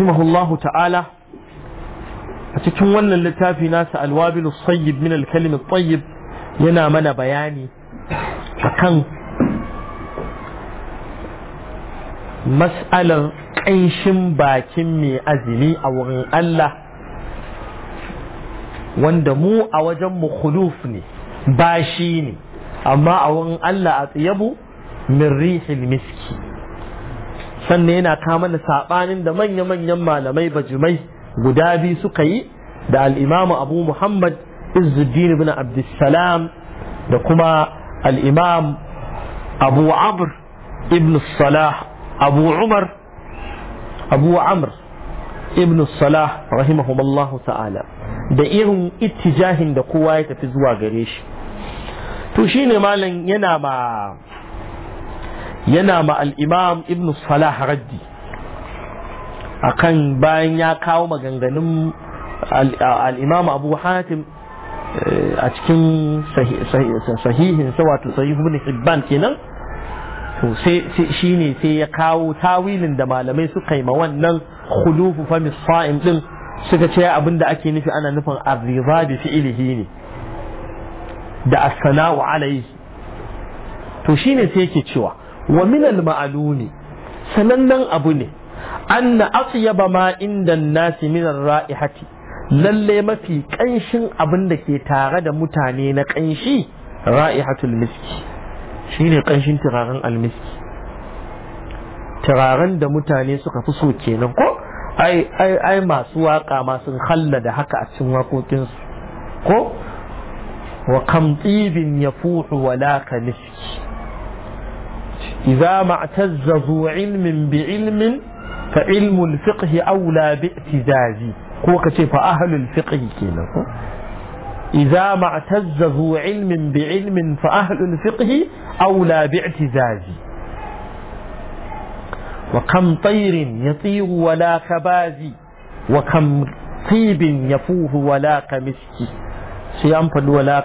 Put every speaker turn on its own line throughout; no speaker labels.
rahimahullahu ta'ala a cikin wannan littafi nasa alwabilu sayyib min alkalimi tayyib yana mana bayani akan mas'alar ƙanshin bakin mai azumi a wurin Allah wanda mu a wajen mu khuluf ne bashi ne amma a wurin Allah a tsiyabu min rihil miski sannan yana kama da saɓanin da manya-manyan malamai bajimai guda biyu suka yi da al'imamu abu muhammad izzuddin ibn abdussalam da kuma al'imam abu amr ibn salah abu umar abu amr ibn salah rahimahumallahu ta'ala da irin ittijahin da kowa ya tafi zuwa gare shi to shine malam yana ma yana ma al'imam ibn salah raddi kan bayan ya kawo maganganun al’imam abu hatim eh, a cikin sahihin wato sahihu ibn hibban kenan to sai ne sai ya kawo tawilin da malamai suka yi ma wannan khulufu fa misfa'im din suka ce abin da ake nufi ana nufin arriba da fi'ilihi ne da as-sana'u alayhi to shi ne sai yake cewa wa min al sanannen abu ne anna atyaba ma inda nasi min ar-ra'ihati lalle mafi kanshin abin da ke tare da mutane na kanshi ra'ihatul miski ne kanshin turaren almiski turaren da mutane suka fi so kenan ko ai ai ai masu waka masu sun da haka a cikin waƙoƙinsu ko wa kam tsibin ya fuhu wala ka miski إذا ما اعتز ذو علم بعلم فعلم الفقه أولى باعتزازه هو كشي فأهل الفقه كينا إذا ما اعتز ذو علم بعلم فأهل الفقه أولى باعتزازه وكم طير يطير ولا كباز وكم طيب يفوه ولا كمسك سيامفل ولا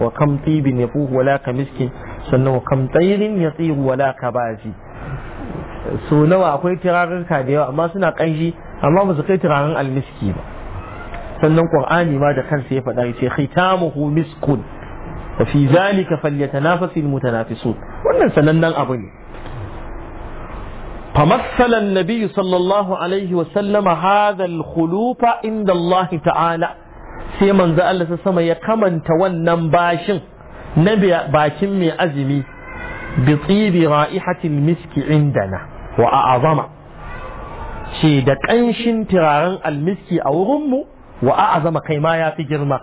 وكم طيب يفوه ولا كمسك sannan kam tsayirin ya tsiru wala ka baji so nawa akwai turarurruka da yawa amma suna ƙanshi amma ba su kai turaren almiski ba sannan qur'ani ma da kansa ya faɗa yace khitamuhu miskun wa fi zalika falyatanafasil mutanafisun wannan sanannen abu ne فمثل النبي صلى الله عليه وسلم هذا الخلوف عند الله تعالى sai manzo Allah sama ya kamanta wannan bashin na bakin mai azumi bi tsibi ra'ihatil miski indana wa a'azama ce da ƙanshin turaren almiski a wurinmu wa kai ma ya fi girma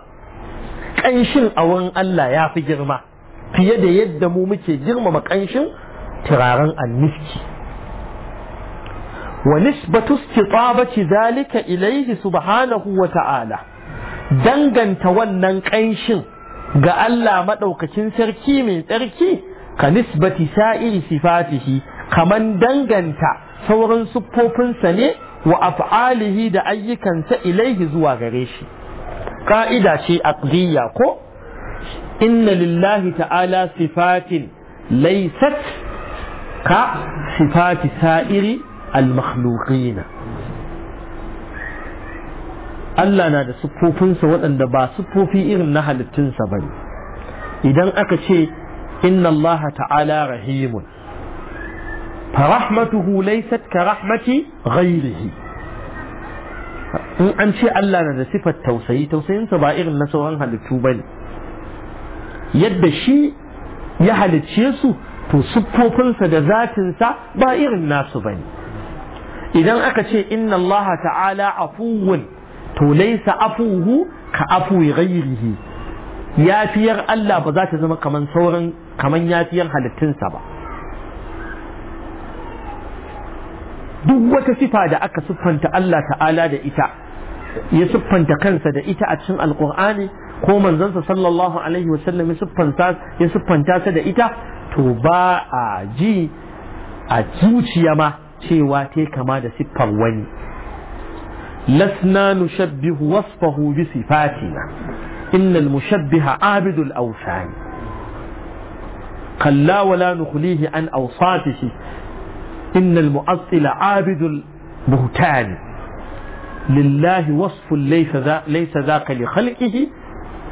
ƙanshin a wurin Allah ya fi girma fiye da yadda mu muke girmama ƙanshin turaren almiski wa nisbatu istitabati zalika ilaihi subhanahu wa ta'ala danganta wannan ƙanshin ga Allah maɗaukacin sarki mai tsarki ka nisbati sa'iri sifatihi kaman danganta sauran siffofinsa ne wa af'alihi da ayyukansa ilaihi zuwa gare shi ka'ida ce aqdiyya ko inna lillahi ta'ala sifatin laysat ka sifati sa'iri al-makhluqina Allah na da siffofinsa waɗanda ba siffofi irin na halittunsa ba idan aka ce inna Allah ta'ala rahimun farahmatuhu laysat ka rahmati ghairihi in an ce Allah na da sifar tausayi tausayinsa ba irin na sauran halittu ba yadda shi ya halicce su to siffofinsa da zatinsa ba irin nasu ba idan aka ce inna Allah ta'ala afuwun to laisa afuhu ka afu ghairihi yafiyar Allah ba za ta zama kaman sauran kaman yafiyar halittunsa ba duk wata sifa da aka siffanta Allah ta'ala da ita ya siffanta kansa da ita a cikin alkur'ani ko manzansa sallallahu alaihi wasallam ya siffanta ya da ita to ba a ji a zuciya ma cewa ta kama da siffar wani لسنا نشبه وصفه بصفاتنا إن المشبه عابد الأوثان قل لا ولا نخليه عن أوصافه إن المؤصل عابد البهتان لله وصف ليس, ذا ليس ذاك لخلقه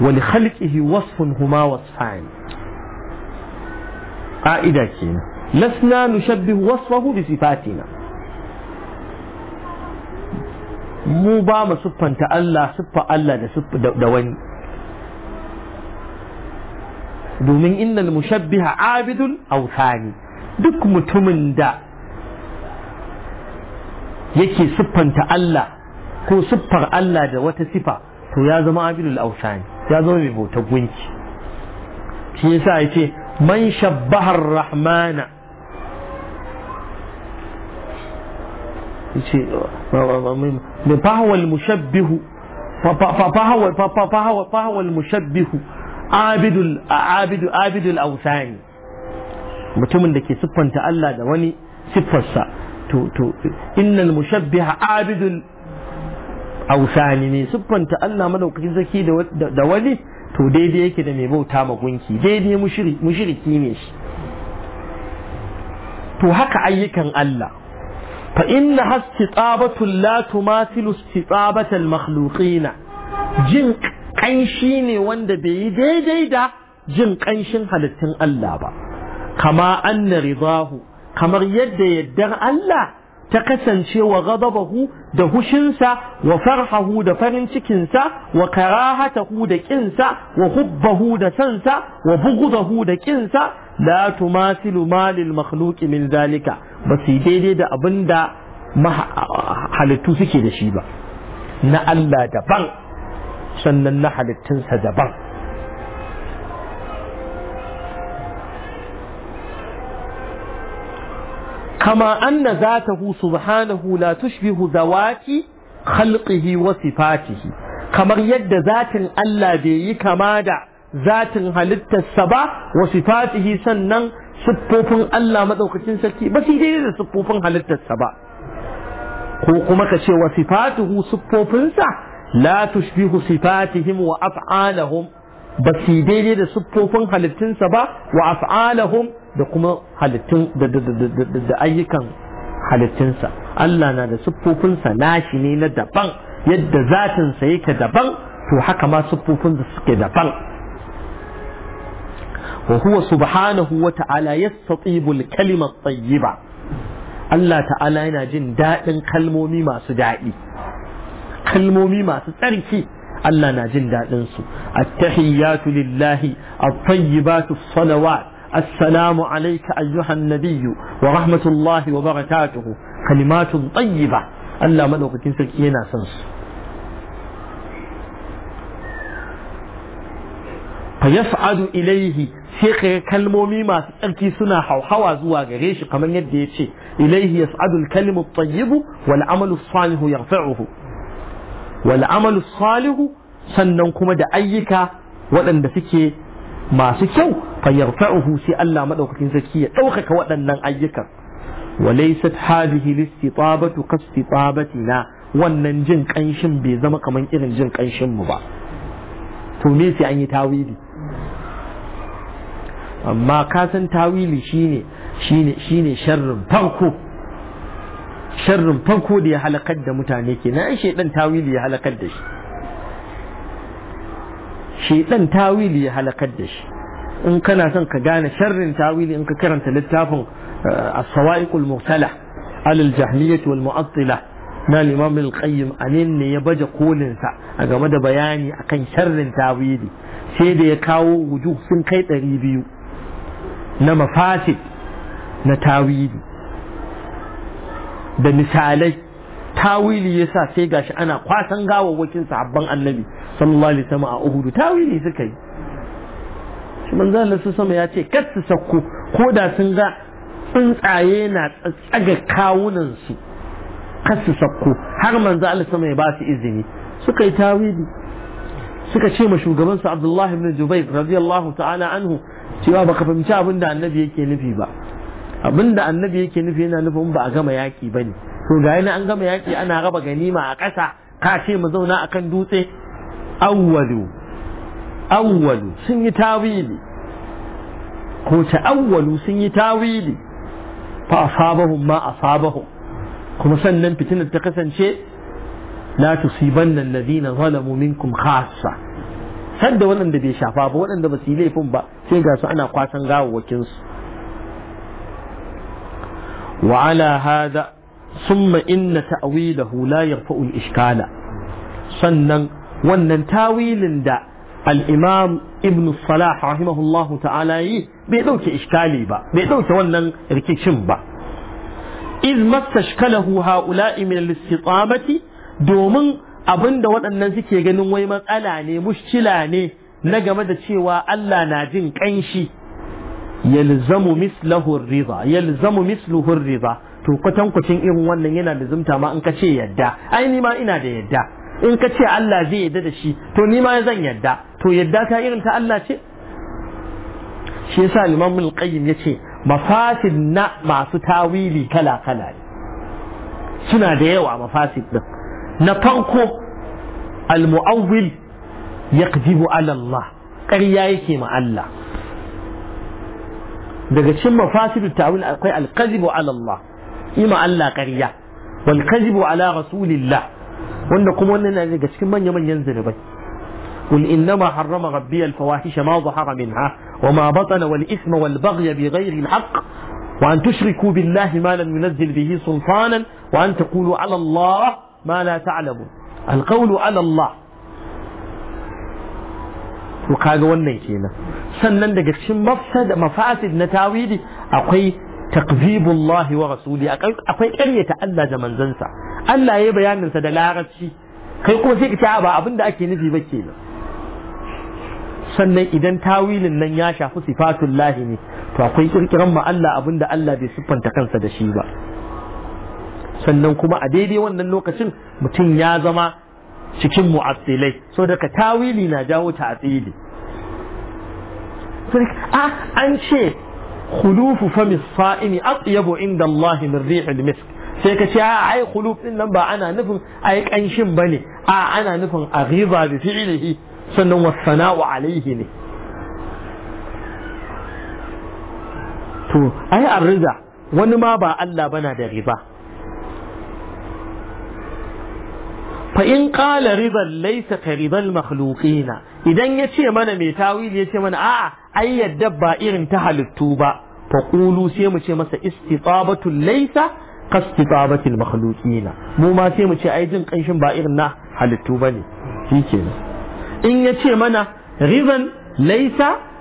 ولخلقه وصف هما وصفان قاعدة لسنا نشبه وصفه بصفاتنا mu ba mu siffanta Allah siffa Allah da da wani domin innal mushabbiha abidun awthani duk mutumin da yake siffanta Allah ko siffar Allah da wata sifa to ya zama abidul awthani ya zama mai bautar gunki shi yasa yace man shabbahar rahmana yace min fahwal mushabbihu fahwal fahwal fahwal awsani mutumin da ke siffanta Allah da wani siffarsa to to innal mushabbiha abidul awsani ne siffanta Allah madaukaki zaki da wani to daidai yake da mai bauta ma gunki daidai mushiriki ne shi to haka ayyukan Allah fa inna hastitsabatu la tumatilu istitsabatal makhluqina jin kanshi ne wanda bai yi daidai da jin kanshin halittun Allah ba kama anna ridahu kamar yadda yaddar Allah ta kasance wa ghadabahu da hushinsa wa farhahu da farin cikinsa wa karahatahu da ƙinsa, wa hubbahu da sansa wa bughdahu da kinsa la tumasilu malil makluƙi min zalika ba daidai da abin halittu suke da shi ba na Allah daban sannan na halittunsa daban kama an na za ta husu la tushbihu zawati khalqihi wa sifatihi kamar yadda zatin Allah bai yi kama da zatin halittarsa ba wa sifatihi sannan siffofin Allah maɗaukacin sarki ba su daidai da siffofin halittarsa ba ko kuma ka ce wa sifatuhu siffofinsa la tushbihu sifatihim wa af'alahum ba su daidai da siffofin halittunsa ba wa af'alahum da kuma halittun da ayyukan halittunsa Allah na da siffofinsa nashi ne na daban yadda zatinsa yake daban to haka ma siffofin da suke daban wa subhanahu wa ta'ala yastatibul kalimat tayyiba Allah ta'ala yana jin daɗin kalmomi masu daɗi kalmomi masu tsarki Allah na jin daɗin su at-tahiyyatu lillahi at-tayyibatu alaika ayyuhan عليك أيها النبي ورحمة الله وبركاته كلمات طيبة Allah madaukakin sarki yana son fa yas'adu ilaihi sai kaga kalmomi masu tsarki suna hauhawa zuwa gare shi kamar yadda ya ce ilaihi yas'adu al-kalimu at-tayyibu wal amalu salihu yarfa'uhu wal amalu salihu sannan kuma da ayyuka waɗanda suke masu kyau fa yarfa'uhu sai Allah madaukakin sarki ya ɗaukaka waɗannan ayyukan وليست هذه الاستطابة na wannan jin kanshin bai zama kamar irin jin kanshin mu ba to me sai an yi tawili amma ka san tawili shine shine shine sharrin farko sharrin farko da ya halakar da mutane ke na shaidan tawili ya halakar da shi shaidan tawili ya halakar da shi in kana son ka gane sharrin tawili in ka karanta littafin eh, as-sawa'iqul mursala alal jahmiyyah wal mu'attila na imam al-qayyim anin ne ya baje kolin sa a game da bayani akan sharrin tawili sai da ya kawo wujuh sun kai 200 na mafasid na tawili da misalai tawili yasa sai gashi ana kwasan gawawwakin sahabban annabi sallallahu alaihi wasallam a uhudu tawili suka yi shi manzo Allah su sama ya ce kar su sakko ko da sun ga tsuntsaye na tsaga kawunan su kar su sakko har manzo Allah sama ya ba su izini suka yi tawili suka ce ma shugaban su Abdullahi ibn Jubair radiyallahu ta'ala anhu cewa ba baka fahimci abin da annabi yake nufi ba abin da annabi yake nufi yana nufin ba a gama yaƙi ba ne to ga yana an gama yaƙi ana raba ganima a ƙasa ka ce mu zauna a kan dutse awwalu awwalu sun yi tawili ko ta awwalu sun yi tawili fa asabahum ma asabahum kuma sannan fitinar ta kasance la tusibanna alladhina zalamu minkum khassa har da waɗanda bai shafa ba waɗanda ba su yi laifin ba sai ga su ana kwasan gawawwakin su wa ala hada summa inna ta'wilahu la yarfa'u al-ishkala sannan wannan tawilin da al-imam ibn salah rahimahullahu ta'ala yi bai dauke iskali ba bai dauke wannan rikicin ba iz mastashkalahu ha'ula'i min al-istiqamati domin Abin da waɗannan suke ganin wai matsala ne mushkila ne na game da cewa Allah na jin ƙanshi yalzamu mislahu riba yalzamu misluhu riba to kwatankwacin irin wannan yana da zumta ma in ka ce yadda ai ni ma ina da yadda in ka ce Allah zai yadda da shi to ni ma zan yadda to yadda ta irin ta Allah ce shi yasa Imam bin Qayyim yace mafasid na masu tawili kala kala suna da yawa mafasid din نطرقه المؤول يكذب على الله قريائك مع الله ذا فاسد التأويل الكذب على الله إما الله قريا والكذب على رسول الله وأنكم أننا ذا من يمن ينزل به قل إنما حرم ربي الفواحش ما ظهر منها وما بطن والإثم والبغي بغير الحق وأن تشركوا بالله ما لم ينزل به سلطانا وأن تقولوا على الله ma la ta'lamu alqawlu ala Allah to kaga wannan kenan sannan daga cikin mafsada mafasid na tawili akwai takzibullah wa rasuli akwai ƙaryata Allah da manzansa Allah ya bayanin sa da larabci kai kuma sai ka ce ba abinda ake nufi ba kenan sannan idan tawilin nan ya shafi sifatullahi ne to akwai kirkiran ma Allah abinda Allah bai siffanta kansa da shi ba sannan kuma a daidai wannan lokacin mutum ya zama cikin mu'assilai so daga tawili na jawo ta a ah, an ce khulufu fami sa'imi atyabu inda Allah min rihil misk sai ka ce ah, ai khuluf nan ba ana nufin ai kanshin bane a ah, ana nufin aghiza bi fi'lihi sannan wasana'u alaihi ne to ai arriza wani ma ba Allah bana da riba فإن قال ربا ليس كربا المخلوقين إذا يتشي من ميتاويل يتشي من آه أي الدبا إرن تهل التوبة فقولوا سيما شي استطابة ليس كاستطابة المخلوقين مو ما سيما شي أيضا قنشن با إرن حل التوبة لي إن يتشي من ربا ليس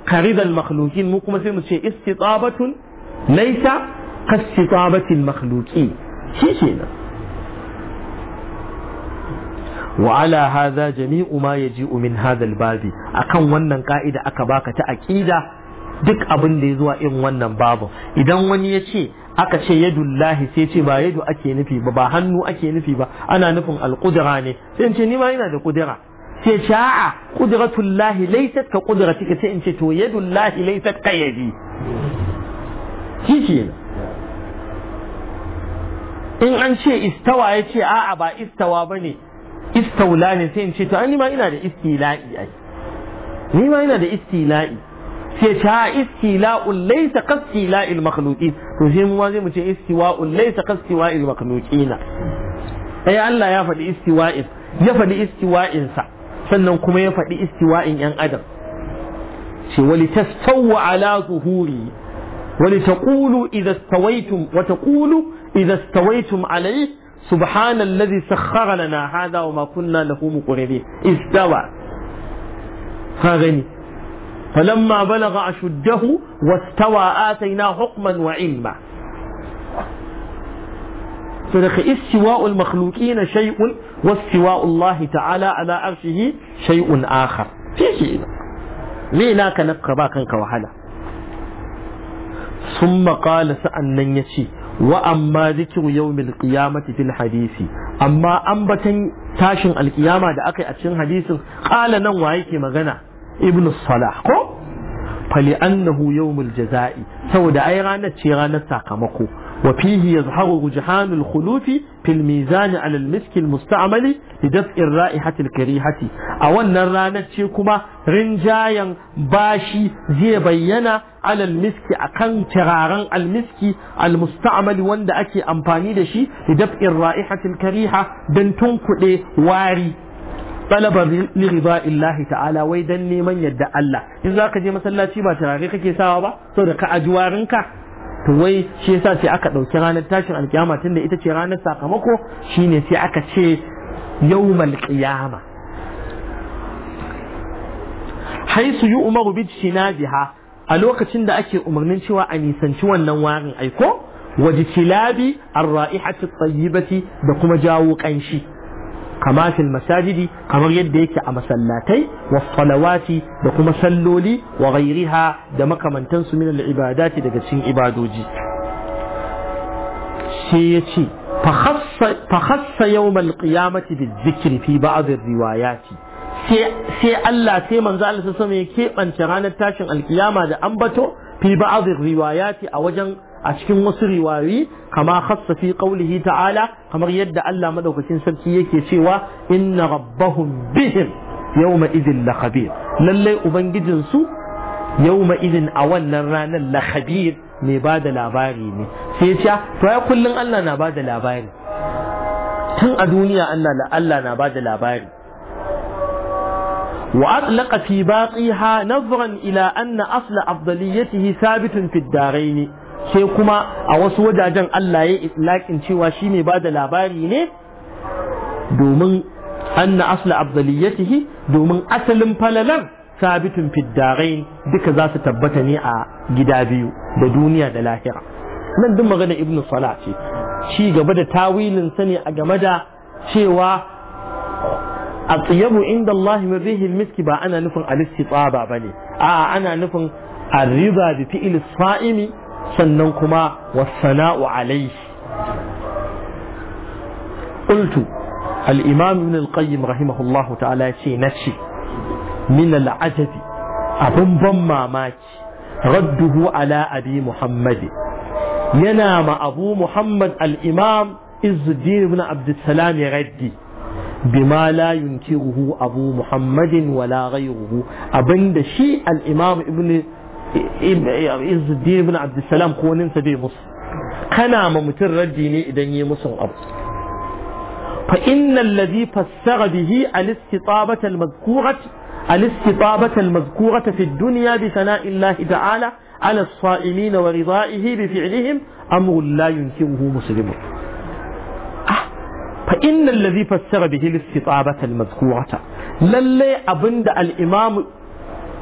كربا المخلوقين مو كما سيما شي استطابة ليس كاستطابة المخلوقين شي وعلى هذا جميع ما يجيء من هذا الباب أكن ونن baka أكباك تأكيدة duk abin da ya zuwa irin wannan babu idan wani ya ce aka ce yadu lahi sai ce ba yadu ake nufi ba ba hannu ake nufi ba ana nufin alƙudura ne sai in ce ni ma yana da ƙudura sai ce a'a ƙuduratun lahi laisat ka ƙudura ka ce in ce to yadu lahi laisat ka yadi shi in an ce istawa ya ce a'a ba istawa ba istaula ne sai in ce to ai ma ina da istila'i ai ni ma ina da istila'i sai ta istila'u laysa qastila'il makhluqin to sai mu ma zai mu ce istiwa'u laysa qastiwa'il makhluqina ai Allah ya faɗi istiwa'in ya faɗi istiwa'in sa sannan kuma ya faɗi istiwa'in yan adam ce wali tastawwa ala zuhuri wali taqulu idha stawaytum wa taqulu idha stawaytum alayhi سبحان الذي سخر لنا هذا وما كنا له مقرنين استوى هاغني فلما بلغ أشده واستوى آتيناه حكما وعلما صدق استواء المخلوقين شيء واستواء الله تعالى على عرشه شيء آخر في شيء ليه لا كنك وحلا ثم قال سأنن يشيك wa amma yaumil yawmil qiyamati fil hadisi amma ambatan tashin alkiyama da aka yi a cikin hadisin kala nan wa yake magana ibn salah ko fali annahu yawmul jaza'i saboda ai ranar ce ranar sakamako وفيه يظهر رجحان الخلوف في الميزان على المسك المستعمل لدفع الرائحة الكريهة أولا رانا تشيكما رنجايا باشي زي بينا على المسك أكن تغاران المسك المستعمل وند أكي أمباني دشي لدفع الرائحة الكريهة دنتون كلي واري طلبا لرضاء الله تعالى ويدني من يدى الله إذا كجي مسلاتي ما تراغي كي ساوا با صدق أجوارنك to wai shi yasa sai aka ɗauki ranar tashin alkiyama tunda ita ce ranar sakamako shine sai aka ce yau malƙiyama haisu yi umaru bi shinabiha a lokacin da ake umarnin cewa a nisanci wannan warin aiko wa jikilabi ar da kuma jawo kanshi kama fil masajidi kamar yadda yake a masallatai wa salawati da kuma salloli wa ghairiha da makamantan su min al ibadati daga cikin ibadoji sai ya ce fa khassa yawmal qiyamati bil zikri fi ba'd ar riwayati sai Allah sai manzo Allah sai ya keɓance ranar tashin alkiyama da ambato fi ba'd riwayati a wajen a cikin wasu riwayoyi kama khassa fi qawlihi ta'ala kamar yadda Allah madaukakin sarki yake cewa inna rabbahum bihim yawma idin la khabir lallai ubangijin su yawma idin a wannan ranar la khabir mai ba da labari ne sai ya ce ah, to ya kullun Allah na bada labari tun a duniya Allah Allah na ba da labari وأطلق في باقيها نظرا إلى أن أصل أفضليته ثابت في الدارين sai kuma a wasu wajajen Allah ya itlaqin cewa shi ba da labari ne domin an anna asla afdaliyatihi domin asalin falalar sabitun fiddarai duka za su tabbata ne a gida biyu da duniya da lahira nan duk magana ibn salah ce shi gaba da tawilin sa ne a game da cewa a tsayabu inda Allah mabihi miski ba ana nufin al ba bane a ana nufin arriba bi fi'il sa'imi sannan kuma wasana'u alaihi qultu al-imam ibn al-qayyim rahimahullahu ta'ala yace nace min al-ajabi abun ban mamaki radduhu ala abi muhammad yana ma abu muhammad al-imam izuddin ibn abd salam ya raddi بما لا ينكره أبو محمد ولا غيره أبند شيء الإمام ابن إيه، إيه، يعني إيه، الدين ابن عبد السلام هو ننسى بي مص قنا ممتر الديني إذا ني مص الأرض فإن الذي فسر به الاستطابة المذكورة الاستطابة المذكورة في الدنيا بثناء الله تعالى على الصائمين ورضائه بفعلهم أمر لا ينكره مسلم أه، فإن الذي فسر به الاستطابة المذكورة للي أبند الإمام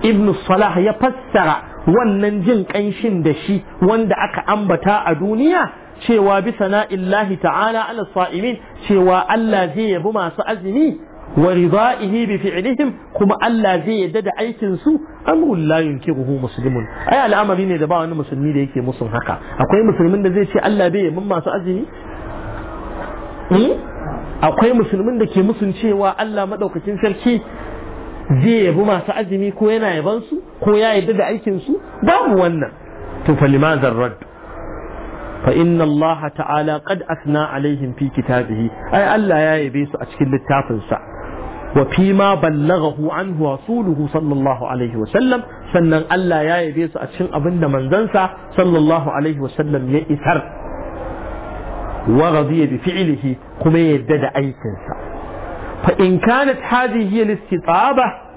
ابن الصلاح يفسر wannan jin ƙanshin da shi wanda aka ambata a duniya cewa bi sana'illahi ta'ala ala sa'imin cewa Allah zai yabi masu azumi wa ridaihi bi fi'lihim kuma Allah zai yadda da aikin su amrul la yunkiruhu muslimun ai al'amari ne da ba wani musulmi da yake musun haka akwai musulmin da zai ce Allah bai yabi masu azumi hmm? akwai musulmin da ke musun cewa Allah madaukakin sarki zai yabi masu azumi ko yana yaban su ko ya yadda da aikin su babu wannan to fa limaza rad fa inna allaha ta'ala qad asna alaihim fi kitabihi ai Allah ya yabe su a cikin littafin sa wa fi ma ballaghahu anhu rasuluhu sallallahu alaihi wa sallam sannan Allah ya yabe su a cikin abinda sa sallallahu alaihi wa sallam ya isar wa radiya bi fi'lihi kuma yadda da aikin sa fa in kanat hadhihi al-istitaba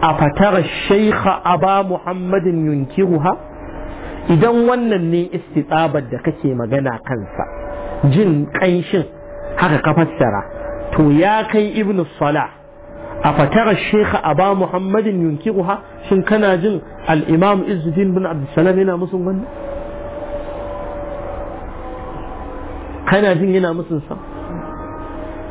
a fatar shaikha aba muhammadin yunkiruha idan wannan ne istitsabar da kake magana kansa jin ƙanshin haka ka fassara to ya kai ibn salah a fatar shaikha aba muhammadin yunkiruha shin kana jin al'imam izzuddin bin abdulsalam yana musun wannan kana jin yana musun sa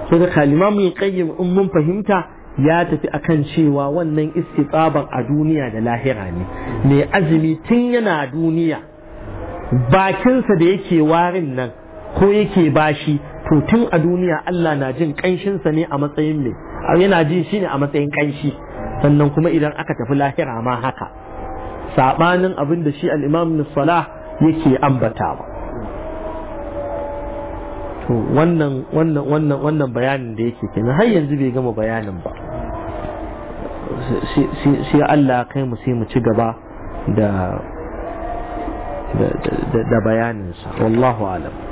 sai da kalimam ya kayyim mun fahimta ya tafi akan cewa wannan istitsaban a duniya da lahira ne mai azumi tun yana duniya bakinsa da yake warin nan ko yake bashi to tun a duniya Allah na jin kanshinsa ne a matsayin mai yana ji shi ne a matsayin kanshi. sannan kuma idan aka tafi lahira ma haka sabanin abin da shi al'imam salah yake ambata ba wannan wannan bayanin da yake kenan har yanzu bai gama bayanin ba sai Allah kai mu sai mu ci gaba da da bayaninsa wallahu alam